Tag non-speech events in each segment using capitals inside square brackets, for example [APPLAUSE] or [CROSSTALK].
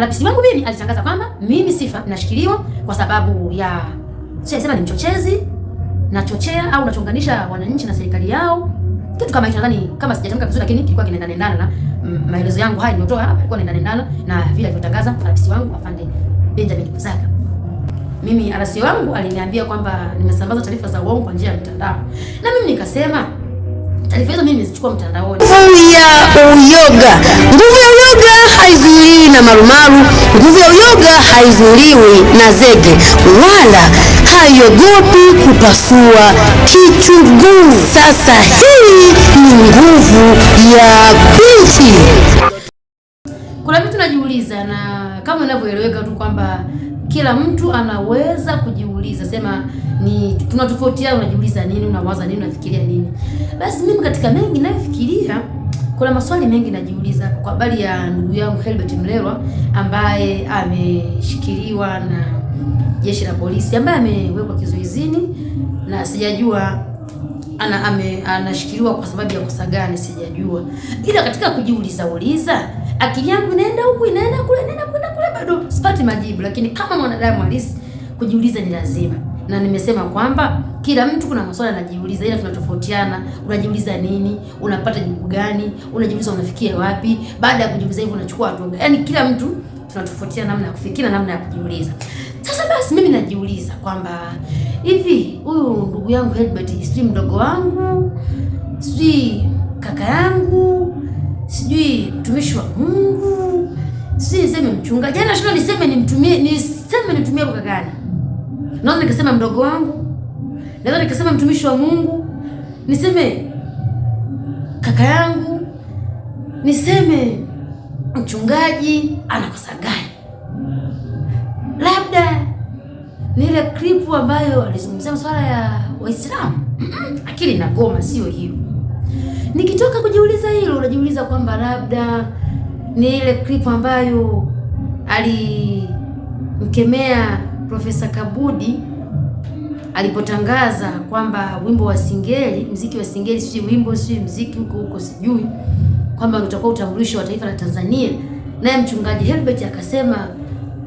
Rais wangu mimi alitangaza kwamba mimi Sifa nashikiliwa kwa sababu ya sema ni mchochezi, nachochea au nachonganisha wananchi na serikali yao, kitu kama hicho. Nadhani kama sijatamka vizuri, lakini kilikuwa kinaenda nendana na mm, maelezo yangu haya nimetoa hapa, ilikuwa nendana na vile alivyotangaza rais wangu afande Benjamin Kuzaka. Mimi arasi wangu aliniambia kwamba nimesambaza taarifa za uongo kwa njia ya mtandao, na mimi nikasema taarifa hizo mimi nizichukua mtandaoni. Nguvu ya uyoga, nguvu haizuiliwi na marumaru, nguvu ya uyoga haizuiliwi na zege, wala haiogopi kupasua kichuguu. Sasa hii ni nguvu ya binti. Kuna vitu najiuliza, na kama inavyoeleweka tu kwamba kila mtu anaweza kujiuliza, sema ni tunatofautiana, unajiuliza nini, unawaza nini, unafikiria nini. Basi mimi katika mengi nayofikiria kuna maswali mengi najiuliza kwa habari ya ndugu yangu Herbert Mlelwa ambaye ameshikiliwa na jeshi la polisi, ambaye amewekwa kizuizini na sijajua ana ame, anashikiliwa kwa sababu ya kosa gani sijajua, ila katika kujiuliza uliza akili yangu inaenda huku inaenda kule inaenda kule bado sipati majibu, lakini kama mwanadamu halisi kujiuliza ni lazima na nimesema kwamba kila mtu kuna maswali anajiuliza, ila tunatofautiana. Unajiuliza nini? Unapata jibu gani? Unajiuliza unafikia wapi? Baada ya kujiuliza hivyo unachukua hatua. Yaani kila mtu tunatofautiana namna ya kufikiri namna ya kujiuliza. Sasa basi mimi najiuliza kwamba hivi huyu ndugu yangu Herbert, sijui mdogo wangu, sijui kaka yangu, sijui mtumishi wa Mungu, sijui niseme mchungaji, jana yaani shule niseme nimtumie, niseme nitumie kwa gani? naweza nikasema mdogo wangu, naweza nikasema mtumishi wa Mungu, niseme kaka yangu, niseme mchungaji anakosa gani? Labda ni ile klipu ambayo alizungumzia masuala ya Waislamu. Akili na goma sio hiyo. Nikitoka kujiuliza hilo, unajiuliza kwamba labda ni ile klipu ambayo alimkemea Profesa Kabudi alipotangaza kwamba wimbo wa Singeli, mziki wa Singeli, si wimbo si mziki huko huko, sijui kwamba utakuwa utambulisho wa taifa la Tanzania, naye mchungaji Herbert akasema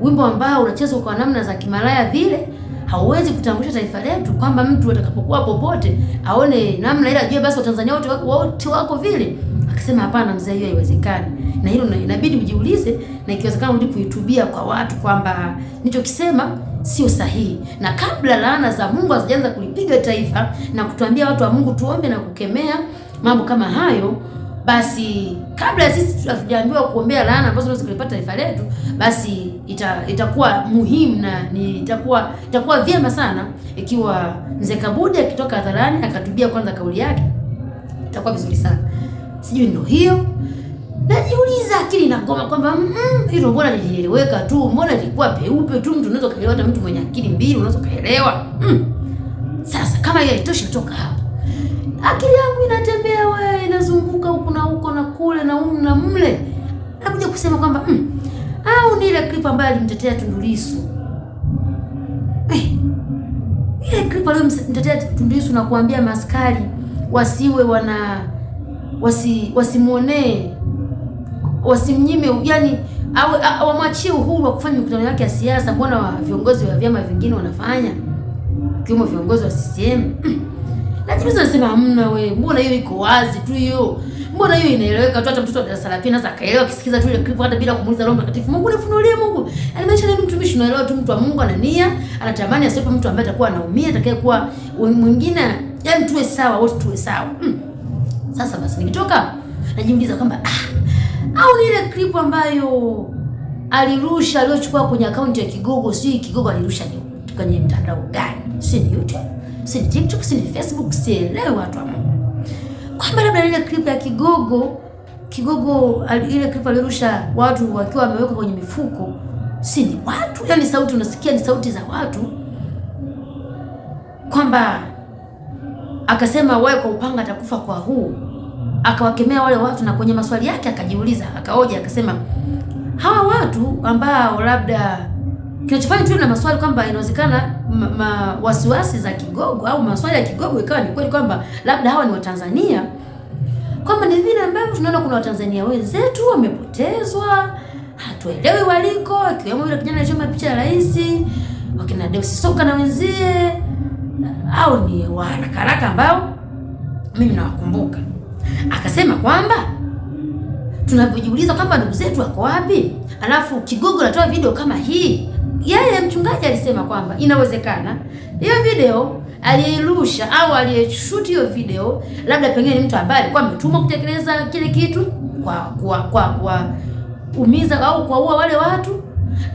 wimbo ambao unachezwa kwa namna za kimalaya vile hauwezi kutambulisha taifa letu, kwamba mtu atakapokuwa popote aone namna ile, ajue basi Watanzania wote wako vile akasema hapana, mzee, hiyo haiwezekani, na hilo inabidi ujiulize, na ikiwezekana urudi kuitubia kwa watu kwamba nilichokisema sio sahihi, na kabla laana za Mungu hazijaanza kulipiga taifa na kutuambia watu wa Mungu tuombe na kukemea mambo kama hayo, basi kabla sisi hatujaambiwa kuombea laana ambazo tunaweza kulipata taifa letu, basi ita, itakuwa muhimu na ni itakuwa itakuwa vyema sana ikiwa mzee Kabudi akitoka hadharani akatubia kwanza kauli yake, itakuwa vizuri sana sijui ndo hiyo. Najiuliza akili na ngoma kwamba mm, hilo mbona lilieleweka tu, mbona ilikuwa peupe tu, mtu unaweza kaelewa. Hata mtu mwenye akili mbili unaweza kaelewa. Mm. Sasa kama hiyo haitoshi, kutoka hapa akili yangu inatembea we, inazunguka huku na huko na kule na humu na mle, nakuja kusema kwamba mm, au ni ile clip ambayo alimtetea Tundu Lissu eh, ile clip aliyomtetea Tundu Lissu na kuambia maskari wasiwe wana wasi- wasimwonee wasimnyime, yani wamwachie uhuru wa kufanya mikutano yake ya siasa. Mbona wa viongozi wa vyama vingine wanafanya, ikiwemo viongozi wa CCM [CLEARS THROAT] lakini sasa nasema hamna, we, mbona hiyo iko wazi tu hiyo, mbona hiyo inaeleweka tu, hata mtoto wa darasa la pili sasa akaelewa, akisikiza tu ile clip, hata bila kumuuliza Roho Mtakatifu. Mungu nifunulie, Mungu alimaanisha nini? Mtumishi unaelewa tu, mtu wa Mungu ana nia, anatamani asiwepo mtu ambaye atakuwa anaumia, atakayekuwa mwingine, yaani tuwe sawa wote, tuwe sawa mm. Sasa basi nikitoka najiuliza kwamba ah, au ile clip ambayo alirusha aliyochukua kwenye akaunti ya Kigogo, si Kigogo alirusha ni kwenye mtandao gani? Si ni YouTube, si ni TikTok, si ni Facebook, leo watu wa Mungu, kwamba labda ile clip ya Kigogo Kigogo ile clip alirusha watu wakiwa wameweka kwenye mifuko, si ni watu, yaani sauti unasikia ni sauti za watu kwamba akasema wae kwa upanga atakufa kwa huu. Akawakemea wale watu, na kwenye maswali yake akajiuliza, akaoja, akasema hawa watu ambao labda kinachofanya tu na maswali kwamba inawezekana wasiwasi za Kigogo au maswali ya Kigogo ikawa ni kweli kwamba labda hawa ni Watanzania, kwamba ni vile ambavyo tunaona kuna Watanzania wenzetu wamepotezwa, hatuelewi waliko, ikiwemo yule kijana alichoma picha ya rais, wakina Deusi Soka na wenzie au ni wa haraka haraka ambao mimi nawakumbuka. Akasema kwamba tunapojiuliza kwamba ndugu zetu wako wapi, alafu kigogo anatoa video kama hii. Yeye mchungaji alisema kwamba inawezekana hiyo video aliyerusha au aliyeshuti hiyo video labda pengine ni mtu ambaye alikuwa ametumwa kutekeleza kile kitu kwa kwa kwa umiza au kuwaua wale watu.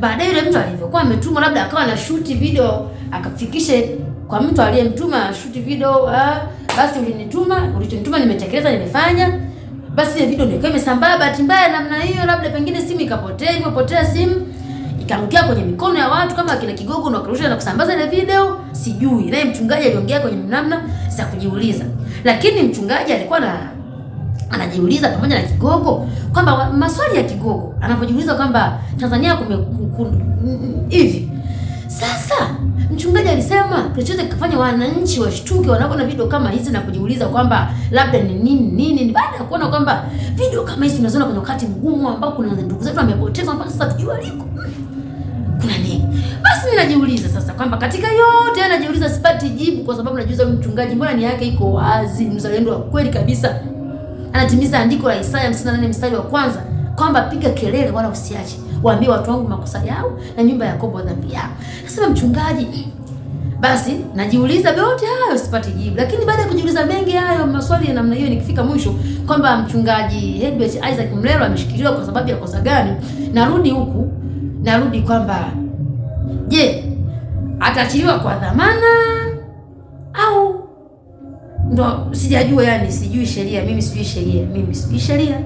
Baadaye yule mtu alivyokuwa ametumwa, labda akawa anashuti video akafikishe kwa mtu aliyemtuma shoot video ah, basi ulinituma, ulichonituma nimetekeleza, nimefanya. Basi ile video ndio imesambaa bahati mbaya namna hiyo, labda pengine simu ikapotea, hivyo simu ikaangukia kwenye mikono ya watu kama akina Kigogo na kurusha na kusambaza ile video, sijui. Naye mchungaji aliongea kwenye namna za kujiuliza, lakini mchungaji alikuwa na anajiuliza pamoja na Kigogo kwamba maswali ya Kigogo anapojiuliza kwamba Tanzania kume hivi sasa mchungaji alisema chochote kikafanya wananchi washtuke wanapoona video kama hizi na kujiuliza kwamba labda ni nini nini, ni baada ya kuona kwamba video kama hizi tunaziona kwenye wakati mgumu ambao kuna ndugu zetu wamepoteza mpaka sasa tujua aliko kuna nini. Basi mimi najiuliza sasa kwamba katika yote najiuliza, sipati jibu kwa sababu najiuliza, mchungaji, mbona ni yake iko wazi, mzalendo wa kweli kabisa, anatimiza andiko la Isaya 58 mstari wa kwanza kwamba piga kelele wala usiache waambie watu wangu makosa yao na nyumba ya Yakobo dhambi yao. Nasema mchungaji, basi najiuliza yote hayo sipati jibu, lakini baada ya kujiuliza mengi hayo maswali ya namna hiyo, nikifika mwisho kwamba mchungaji Herbert Isaac Mlelwa ameshikiliwa kwa sababu ya kosa gani, narudi huku, narudi kwamba je, ataachiliwa kwa dhamana au ndo sijajua, yani sijui sheria mimi, sijui sheria mimi, sijui sheria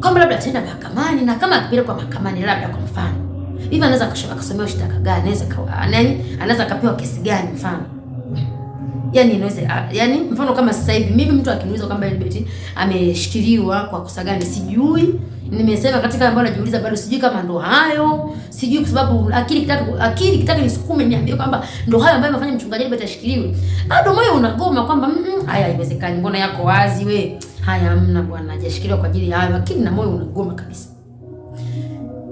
kwamba labda tena mahakamani, na kama akipelekwa kwa mahakamani, labda kwa mfano hivi, anaweza akasomewa shtaka gani? Anaweza Anaweza kapewa kesi gani? Mfano yani inaweza yani, mfano kama sasa hivi mimi mtu akiniuliza kwamba Ilibet ameshikiliwa kwa kosa gani, sijui. Nimesema katika ambao najiuliza bado sijui kama ndo hayo, sijui kwa sababu akili kitaka akili kitaka nisukume niambie kwamba ndo hayo ambayo amefanya mchungaji Ilibet ashikiliwe, bado moyo unagoma kwamba mm, mm haya haiwezekani, mbona yako wazi wewe Haya, amna bwana, najashikilia kwa ajili ya hayo, lakini na moyo unagoma kabisa.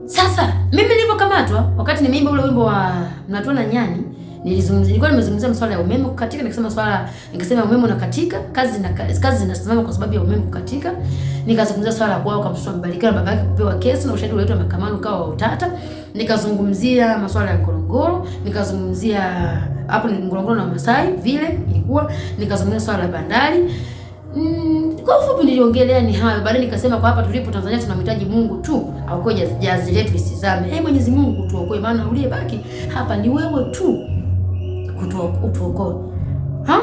Sasa mimi nilipokamatwa wakati nimeimba ule wimbo wa mnatona nyani, nilizungumzia nilikuwa nimezungumzia masuala ya umeme kukatika, nikasema swala, nikasema umeme unakatika, kazi na kazi zinasimama kwa sababu ya umeme kukatika. Nikazungumzia swala la kwao kwa mtoto Mbarikiwa na babake kupewa kesi na ushahidi uletwe mahakamani ukawa wa utata. Nikazungumzia masuala ya Ngorongoro, nikazungumzia hapo ni Ngorongoro na Masai vile ilikuwa, nikazungumzia swala la bandari Mm, kwa ufupi niliongelea ni hayo. Baadaye nikasema kwa hapa tulipo Tanzania tunamhitaji Mungu tu aokoe jazi letu isizame. Hey, Mwenyezi Mungu tuokoe, maana uliyebaki hapa ni wewe tu kutuokoa. Ha?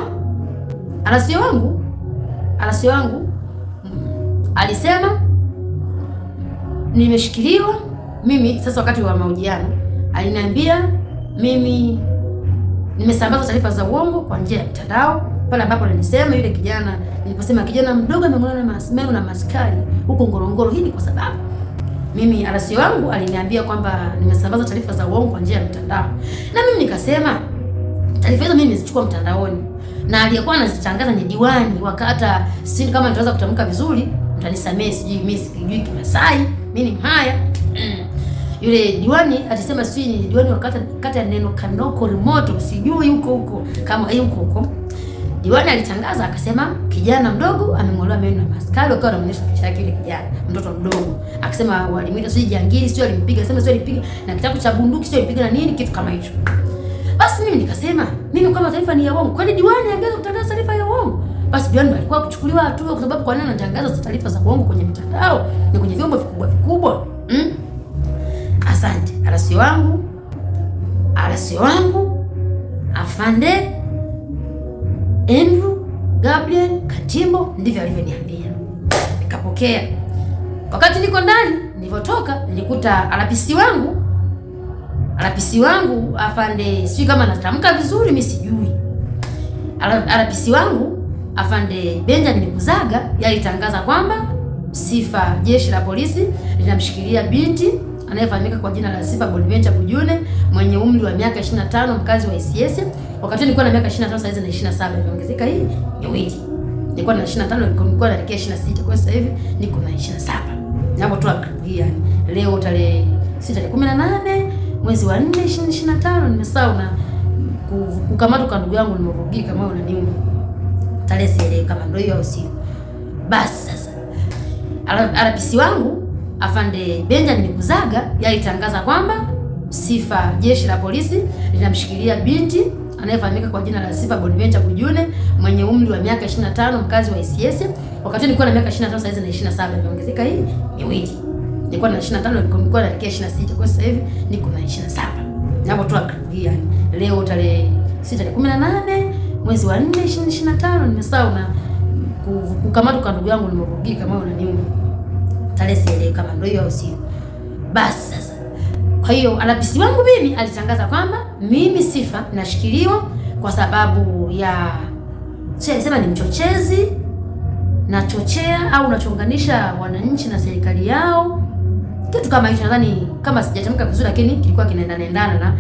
Alasio wangu alasio wangu mm. alisema nimeshikiliwa mimi sasa. Wakati wa mahojiano aliniambia mimi nimesambaza taarifa za uongo kwa njia ya mtandao pale ambapo nilisema yule kijana, niliposema kijana mdogo ameonana na Masmeu na maskari huko Ngorongoro. Hii ni kwa sababu mimi arasi wangu aliniambia kwamba nimesambaza taarifa za uongo kwa njia ya mtandao, na mimi nikasema taarifa hizo mimi nimezichukua mtandaoni, na aliyekuwa anazitangaza ni diwani wakata, si kama nitaweza kutamka vizuri, mtanisamee, sijui mimi sijui Kimasai, mimi ni Mhaya mm. yule diwani atasema sijui ni diwani wakata kata neno Kanoko Remoto, sijui huko huko kama huko huko Diwani alitangaza akasema, kijana mdogo ameng'olewa meno na maskari, ukawa anaonyesha picha yake ile kijana mtoto mdogo, akasema walimwita sio jangili, sio alimpiga, sema sio alipiga na kitabu cha bunduki, sio alipiga na nini, kitu kama hicho. Basi mimi nikasema, mimi kama taarifa ni ya uongo, kwani diwani angeweza kutangaza taarifa ya uongo? Basi diwani alikuwa kuchukuliwa hatua, kwa sababu kwa nini anatangaza taarifa za uongo kwenye mitandao na kwenye vyombo vikubwa vikubwa? Mm? Asante arasi wangu, arasi wangu afande Andrew Gabriel Katimbo, ndivyo alivyoniambia. Nikapokea. Wakati niko ndani, nilivyotoka nilikuta alapisi wangu alapisi wangu afande, sijui kama natamka vizuri, mi sijui. Alapisi wangu afande Benjamin Kuzaga yalitangaza kwamba Sifa jeshi la polisi linamshikilia binti anayefahamika kwa jina la Sifa Bonaventure Bujune mwenye umri wa miaka 25 mkazi wa ICS Wakati nilikuwa na miaka 25 sasa hizi na 27 imeongezeka hii miwili. Nilikuwa na 25 nilikuwa naelekea 26. Kwa sasa hivi niko na 27. Ninapotoa clip hii yani leo tarehe 6 tarehe 18 mwezi wa 4 2025 nimesahau na kukamatwa kwa ndugu yangu nimerugika kama unaniuma. Tarehe sielewi kama ndio hiyo au sio. Basi sasa Arabisi wangu afande Benjamin Kuzaga yalitangaza kwamba sifa jeshi la polisi linamshikilia binti anayefahamika kwa jina la Sifa Bonventure Kujune mwenye umri wa miaka 25, mkazi wa ICS. Wakati nilikuwa na miaka 25, sasa hizi na 27, nimeongezeka hii miwili. Nilikuwa na 25, nilikuwa naelekea 26, kwa sasa hivi niko na 27. Napotoa tu hii yani, leo tarehe 6 tarehe 18 mwezi wa 4 2025, nimesahau na kukamatwa kwa ndugu yangu nimevurugika, kama unaniuma tarehe sielewi kama ndio hiyo au sio. Basi sasa, kwa hiyo alapisi wangu mimi alitangaza kwamba mimi Sifa nashikiliwa kwa sababu ya sema ni mchochezi, nachochea au nachonganisha wananchi na serikali yao, kitu kama hicho. Nadhani kama sijatamka vizuri, lakini kilikuwa kinaendanaendana na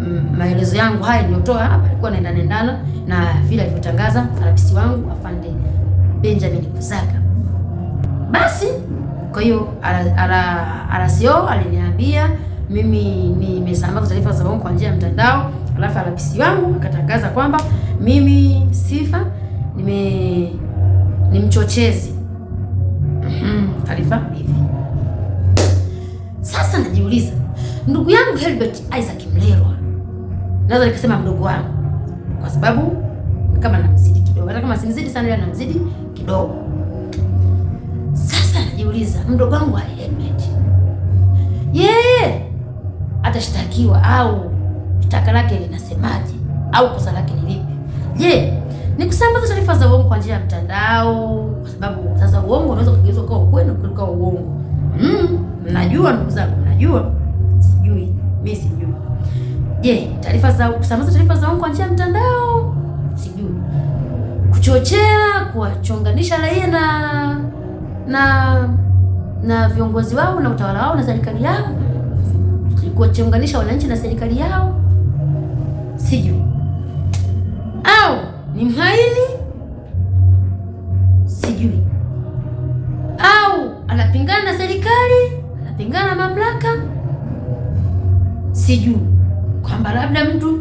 mm, maelezo yangu haya niliyotoa hapa, ilikuwa nendana na vile alivyotangaza arabisi wangu afande Benjamin kuzaka Basi kwa hiyo RCO aliniambia mimi nimesambaza taarifa za uongo kwa njia ya mtandao, alafu arabisi wangu akatangaza kwamba mimi Sifa nime ni mchochezi mhm, taarifa hivi. Sasa najiuliza ndugu yangu Helbert Isaac Mlelwa, naweza nikasema mdogo wangu kwa sababu kama namzidi kidogo, hata kama simzidi sana, ila namzidi kidogo. Sasa najiuliza mdogo wangu wa Helbert, yeye atashtakiwa au shtaka lake linasemaje au kosa lake ni lipi? Je, ni kusambaza taarifa za uongo kwa njia ya mtandao? Kwa sababu sasa uongo unaweza kugeuzwa kuwa ukweli kuliko uongo. Mm, mnajua ndugu zangu, mnajua sijui mimi sijui. Je, taarifa za kusambaza taarifa za uongo kwa njia ya mtandao? Sijui. Kuchochea, kuwachonganisha raia na na na viongozi wao na utawala wao na serikali yao kuwachanganisha wananchi na serikali yao, sijui au ni mhaini, sijui au anapingana na serikali, anapingana na mamlaka, sijui kwamba labda mtu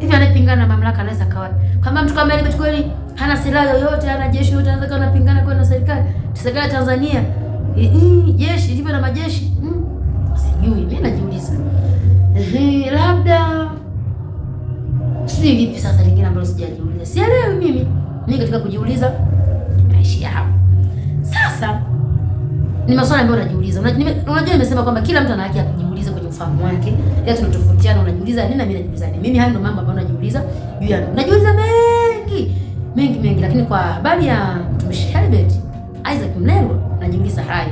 hivi anapingana na mamlaka anaweza kawa kwamba mtu kama ile kweli hana silaha yoyote, hana jeshi yoyote, anaweza kawa anapingana kwa na serikali, serikali ya Tanzania, eh, eh, jeshi ilivyo na majeshi, hmm, sijui mimi labda sijui vipi. Sasa lingine ambalo sijajiuliza, sielewi mimi mimi, katika kujiuliza naishi hapo. Sasa ni maswali ambayo unajiuliza. Unajua, nimesema kwamba kila mtu ana haki ya kujiuliza kwenye ufahamu wake, ila tunatofautiana. Unajiuliza nini na mimi najiuliza nini. Mimi hayo ndio mambo ambayo najiuliza juu ya, najiuliza mengi mengi mengi, lakini kwa habari ya mtumishi Helbeth Isaac Mlelwa najiuliza hayo,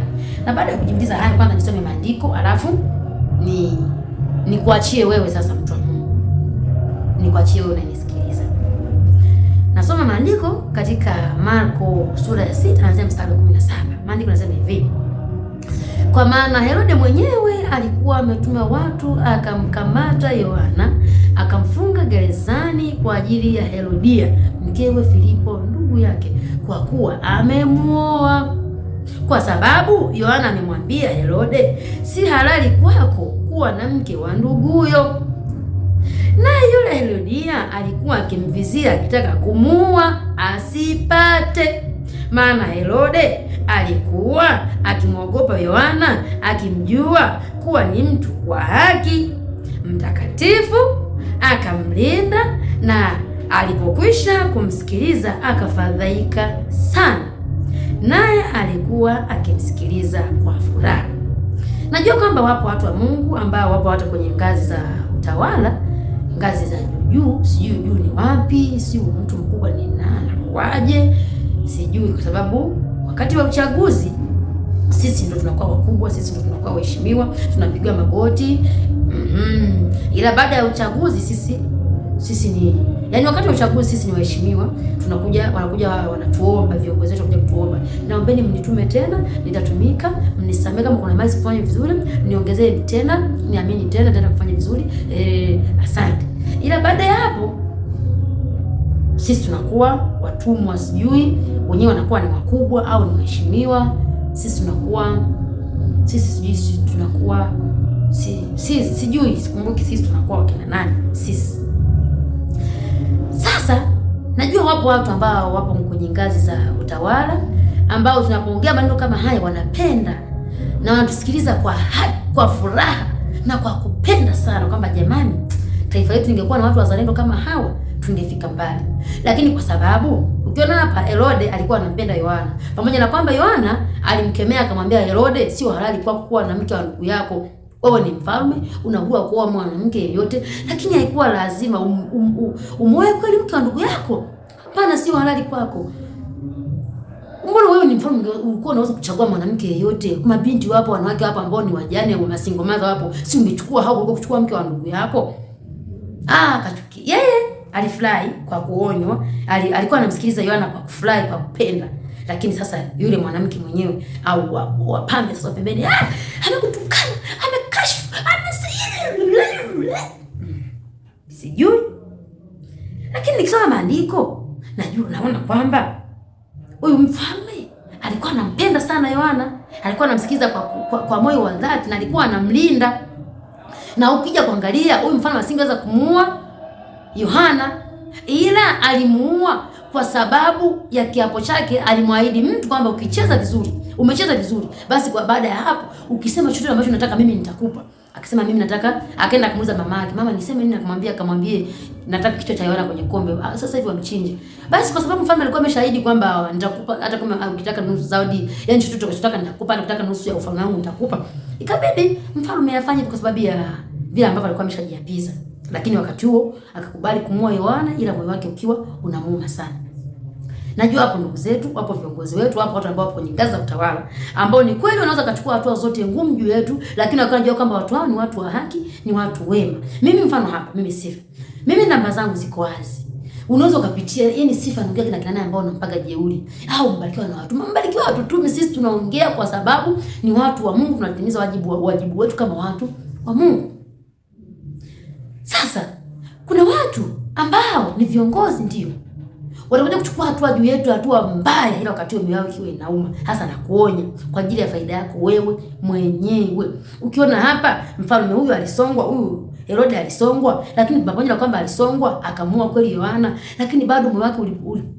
na baada ya kujiuliza hayo, kwanza nisome maandiko alafu ni nikuachie wewe sasa, mtu wa Mungu, nikuachie wewe unanisikiliza. Nasoma maandiko katika Marko sura ya sita anasema mstari wa 17. Maandiko yanasema hivi: kwa maana Herode mwenyewe alikuwa ametuma watu akamkamata Yohana akamfunga gerezani kwa ajili ya Herodia mkewe Filipo ndugu yake, kwa kuwa amemuoa. Kwa sababu Yohana amemwambia Herode, si halali kwako kuwa na mke wa nduguyo, naye yule Herodia alikuwa akimvizia akitaka kumuua asipate, maana Herode alikuwa akimwogopa Yohana, akimjua kuwa ni mtu wa haki mtakatifu, akamlinda na alipokwisha kumsikiliza akafadhaika sana, naye alikuwa akimsikiliza kwa furaha. Najua kwamba wapo watu wa Mungu ambao wapo hata kwenye ngazi za utawala, ngazi za juu, sijui juu ni wapi, si mtu mkubwa ni nani, waje sijui, kwa sababu wakati wa uchaguzi sisi ndo tunakuwa wakubwa, sisi ndo tunakuwa waheshimiwa, tunapigwa magoti mm -hmm. Ila baada ya uchaguzi sisi sisi ni Yaani wakati wa uchaguzi sisi ni waheshimiwa, tunakuja wanakuja wanatuomba viongozi wetu wanakuja kutuomba. Naombeni mnitume tena, nitatumika, mnisamehe kama kuna mali kufanya vizuri, niongezee tena, niamini tena tena kufanya vizuri. Eh, asante. Ila baada ya hapo sisi tunakuwa watumwa, sijui wenyewe wanakuwa ni wakubwa au ni waheshimiwa, sisi tunakuwa sisi sijui sisi tunakuwa si, si, sijui sikumbuki sisi tunakuwa wakina nani sisi sasa najua wapo watu ambao wapo kwenye ngazi za utawala ambao tunapoongea maneno kama haya wanapenda na wanatusikiliza kwa haki, kwa furaha na kwa kupenda sana, kwamba jamani, taifa letu lingekuwa na watu wazalendo kama hawa tungefika mbali. Lakini kwa sababu ukiona hapa, Herode alikuwa anampenda Yohana, pamoja na kwamba Yohana alimkemea akamwambia, Herode, sio halali kwako kuwa na mke wa ndugu yako. Wewe ni mfalme, unaua kuoa mwanamke yeyote, lakini haikuwa lazima umoe um, um, um kweli mke wa ndugu yako. Pana sio halali kwako. Mbona wewe ni mfalme, ulikuwa unaweza kuchagua mwanamke yeyote? Mabinti wapo, wanawake wapo ambao ni wajane wa masingo madha wapo, si ungechukua hao ulikuwa kuchukua mke wa ndugu yako? Ah, kachuki yeye alifurahi kwa kuonywa, ali, alikuwa anamsikiliza Yohana kwa kufurahi, kwa kupenda lakini sasa yule mwanamke mwenyewe au wapambe sasa pembeni, ah, amekutukana ame sijui, lakini nikisoma maandiko najua, naona kwamba huyu mfalme alikuwa anampenda sana Yohana, alikuwa anamsikiza kwa, kwa, kwa moyo wa dhati na alikuwa anamlinda. Na ukija kuangalia huyu mfalme asingeweza kumuua Yohana, ila alimuua kwa sababu ya kiapo chake. Alimwahidi mtu kwamba ukicheza vizuri, umecheza vizuri, basi kwa baada ya hapo ukisema chochote ambacho nataka mimi nitakupa. Akisema mimi nataka, akaenda kumuuliza mama yake, mama niseme nini? Akamwambia, akamwambie nataka kichwa cha Yohana kwenye kombe, ah, sasa hivi wamchinje. Basi kwa sababu mfalme alikuwa ameshahidi kwamba nitakupa hata kama ah, ukitaka nusu zawadi, yani chochote unachotaka nitakupa, na ukitaka nusu ya ufalme wangu nitakupa. Ikabidi mfalme afanye kwa sababu ya vile ambavyo alikuwa ameshajiapiza, lakini wakati huo akakubali kumua Yohana, ila moyo wake ukiwa unamuuma sana. Najua hapo ndugu zetu, wapo viongozi wetu, wapo watu ambao wapo kwenye ngazi za utawala ambao ni kweli wanaweza kuchukua hatua zote ngumu juu yetu, lakini wakati wakanajua kwamba watu hao ni watu wa haki, ni watu wema. Mimi mfano hapa, mimi sifa. Mimi namba zangu ziko wazi. Unaweza ukapitia yani sifa ndugu yake na kina naye ambao unampaga jeuri au mbarikiwa na watu. Mbarikiwa watu tu, sisi tunaongea kwa sababu ni watu wa Mungu, tunatimiza wajibu wa wajibu wetu kama watu wa Mungu. Sasa kuna watu ambao ni viongozi ndio wanakuja kuchukua hatua juu yetu, hatua mbaya, ila wakati mioyo yao ikiwa inauma. Hasa nakuonya kwa ajili ya faida yako wewe mwenyewe. Ukiona hapa mfalme huyu alisongwa, huyu Herode alisongwa, lakini pamoja na kwamba alisongwa akamua kweli Yohana, lakini bado moyo wake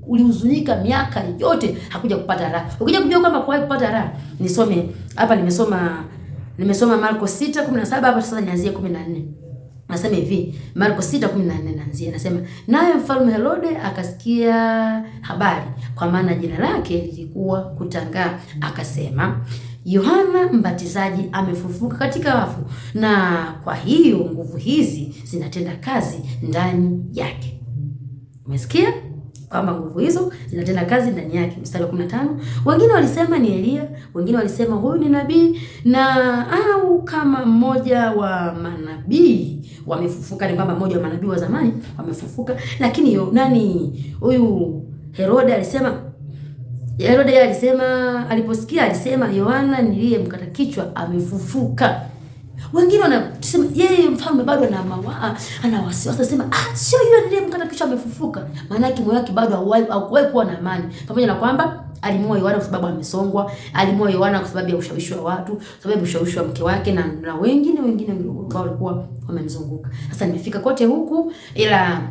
ulihuzunika uli, uli miaka yote hakuja kupata raha. Ukija kujua kwamba kwa kupata raha, nisome hapa, nimesoma nimesoma Marko 6:17 hapa, sasa nianzie 14. Anasema hivi Marko 6:14 naanzia, anasema naye mfalme Herode akasikia habari, kwa maana jina lake lilikuwa kutangaa, akasema Yohana Mbatizaji amefufuka katika wafu, na kwa hiyo nguvu hizi zinatenda kazi ndani yake. Umesikia kwamba nguvu hizo zinatenda kazi ndani yake. Mstari wa 15, wengine walisema ni Elia, wengine walisema huyu ni nabii, na au kama mmoja wa manabii wamefufuka, ni kwamba mmoja wa manabii wa zamani wamefufuka. Lakini yo, nani huyu Herode alisema Herode yeye alisema aliposikia, alisema Yohana niliyemkata kichwa amefufuka. Wengine wanasema yeye mfalme bado ana mawaa ana wasiwasi, anasema ah, sio yule niliyemkata kichwa amefufuka. Maana yake moyo wake bado haukuwahi kuwa na amani, pamoja na kwamba Alimuoa Yohana kwa sababu amesongwa, alimuoa Yohana kwa sababu ya ushawishi wa watu, kwa sababu ya ushawishi wa mke wake na na wengine wengine ambao walikuwa wamemzunguka. Sasa nimefika kote huku ila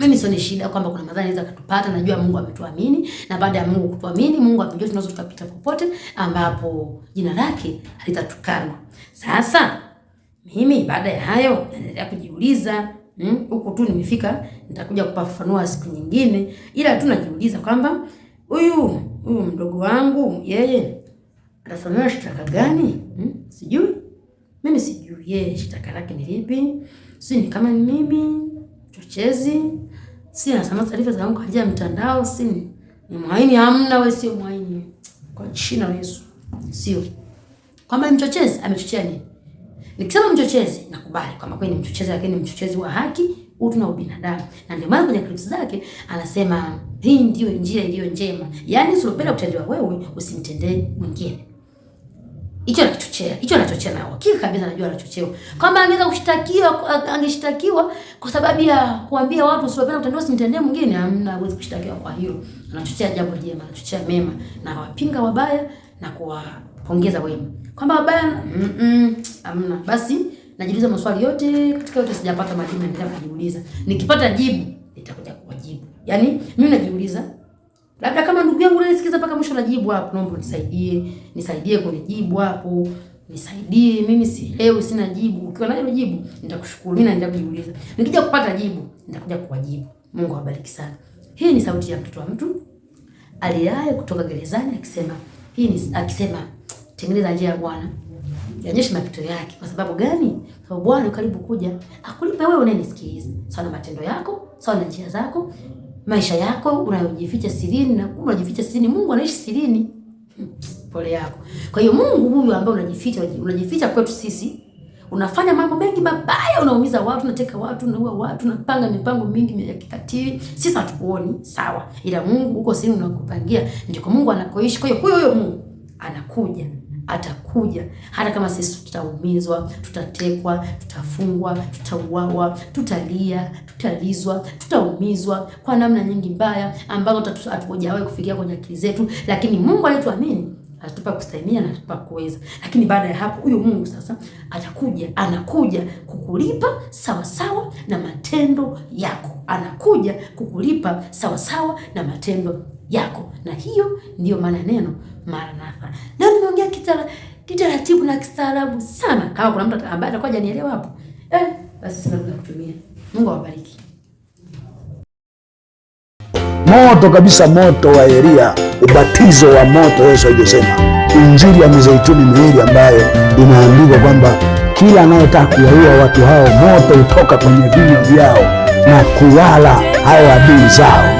mimi sioni shida kwamba kuna madhara yanaweza kutupata. Najua Mungu ametuamini, na baada ya Mungu kutuamini, Mungu atujue tunaweza tukapita popote ambapo jina lake halitatukana. Sasa mimi baada ya hayo naendelea kujiuliza hmm, huku, hmm, tu nimefika, nitakuja kupafanua siku nyingine, ila tu najiuliza kwamba huyu huyu mdogo wangu yeye atasomewa shtaka gani? Hmm? Sijui mimi, sijui yeye shtaka lake ni lipi. Si ni kama ni mimi chochezi, si anasema taarifa zangu kwa mtandao, si ni mwaini? Hamna, wewe sio mwaini kwa jina la Yesu. Sio kwamba ni mchochezi. Amechochea nini? Nikisema mchochezi nakubali kwamba kweli ni mchochezi, lakini mchochezi wa haki utu na ubinadamu. Na ndio maana kwenye clips zake anasema hii ndio njia iliyo njema, yaani usilopenda kutendewa wewe usimtendee mwingine. Hicho anachochea, hicho anachochea na hakika kabisa anajua anachochewa. Kama angeza kushtakiwa, angeshtakiwa kwa sababu ya kuambia watu usipenda kutendewa usimtendee mwingine, hamna hawezi kushtakiwa kwa hiyo Anachochea jambo jema, anachochea mema na wapinga wabaya na kuwapongeza wema. Kwamba wabaya mm -mm, hamna. Basi najiuliza maswali yote, katika yote sijapata majibu, naendelea kujiuliza. Nikipata jibu nitakuja kuwajibu. Yaani mimi najiuliza, labda kama ndugu yangu unanisikiza mpaka mwisho, najibu hapo, naomba nisaidie, nisaidie jibu hapo, nisaidie, mimi si sielewi, sina jibu. Ukiwa nayo jibu nitakushukuru. Mimi naendelea kujiuliza, nikija kupata jibu nitakuja kuwajibu. Mungu awabariki sana. Hii ni sauti ya mtoto wa mtu aliaye kutoka gerezani akisema, hii ni akisema, tengeneza njia ya Bwana yaonyeshe mapito yake. Kwa sababu gani? Kwa Sababu Bwana karibu kuja akulipa wewe unayenisikiliza, sawa na matendo yako, sawa na njia zako, maisha yako unayojificha sirini, na unajificha sirini, Mungu anaishi sirini. Hmm, pole yako. Kwa hiyo Mungu huyu ambaye unajificha, unajificha kwetu sisi, unafanya mambo mengi mabaya, unaumiza watu, unateka watu, unaua watu, unapanga mipango mingi ya kikatili. Sisi hatukuoni sawa, ila Mungu huko sini unakupangia, ndiko Mungu anakoishi. Kwa hiyo huyo huyo Mungu anakuja atakuja, hata kama sisi tutaumizwa, tutatekwa, tutafungwa, tutauawa, tutalia, tutalizwa, tutaumizwa kwa namna nyingi mbaya ambazo hatujawahi kufikia kwenye akili zetu, lakini Mungu alituamini atatupa kustahimia na atatupa kuweza. Lakini baada ya hapo, huyu Mungu sasa atakuja, anakuja kukulipa sawa sawa na matendo yako, anakuja kukulipa sawa sawa na matendo yako, na hiyo ndiyo maana neno Maranatha. Leo tumeongea kitara kitaratibu na kistaarabu sana. Kama kuna mtu ambaye atakuwa hajanielewa hapo, eh, basi sasa kutumia. Mungu awabariki. Moto kabisa, moto wa Elia, ubatizo wa moto. Yesu alisema injili ya mizeituni miwili ambayo inaandikwa kwamba kila anayetaka kuwaua watu hao moto utoka kwenye vinywa vyao na kuwala hao adui zao.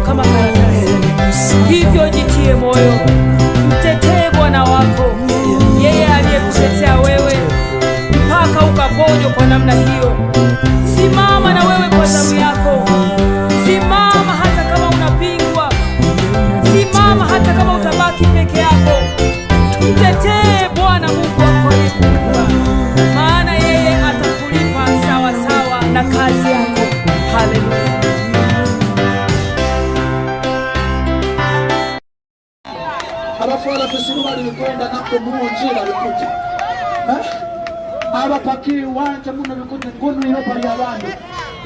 mzito kama karatasi. Hivyo jitie moyo, mtetee Bwana wako, yeye aliyekutetea wewe mpaka ukaponywa kwa namna hiyo. Simama na wewe kwa zamu tumuwunjira bikuja abapakii uwanja muno bikuja ngunu iyo pali abantu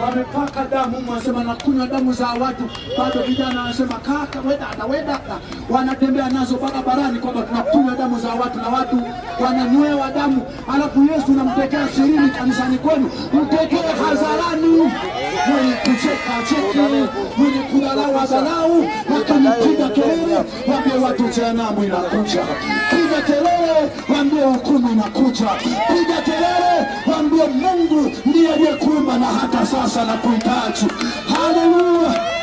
wamepaka damu, wanasema nakunywa damu za watu. Bado vijana wanasema kaka, we dada, we dada, wanatembea nazo barabarani kwamba tunakunywa damu za watu na watu wananywewa damu, alafu Yesu namtekea sirini kanisani kwenu, mtekee hadharani. Mwenye kucheka cheke, mwenye kudharau adharau, piga kelele, waambie watu jehanamu inakuja. Piga kelele, waambie hukumu inakuja. Piga kelele, wambie Mungu ndiye aliyekuumba na hata sasa na kuhitaji. Haleluya!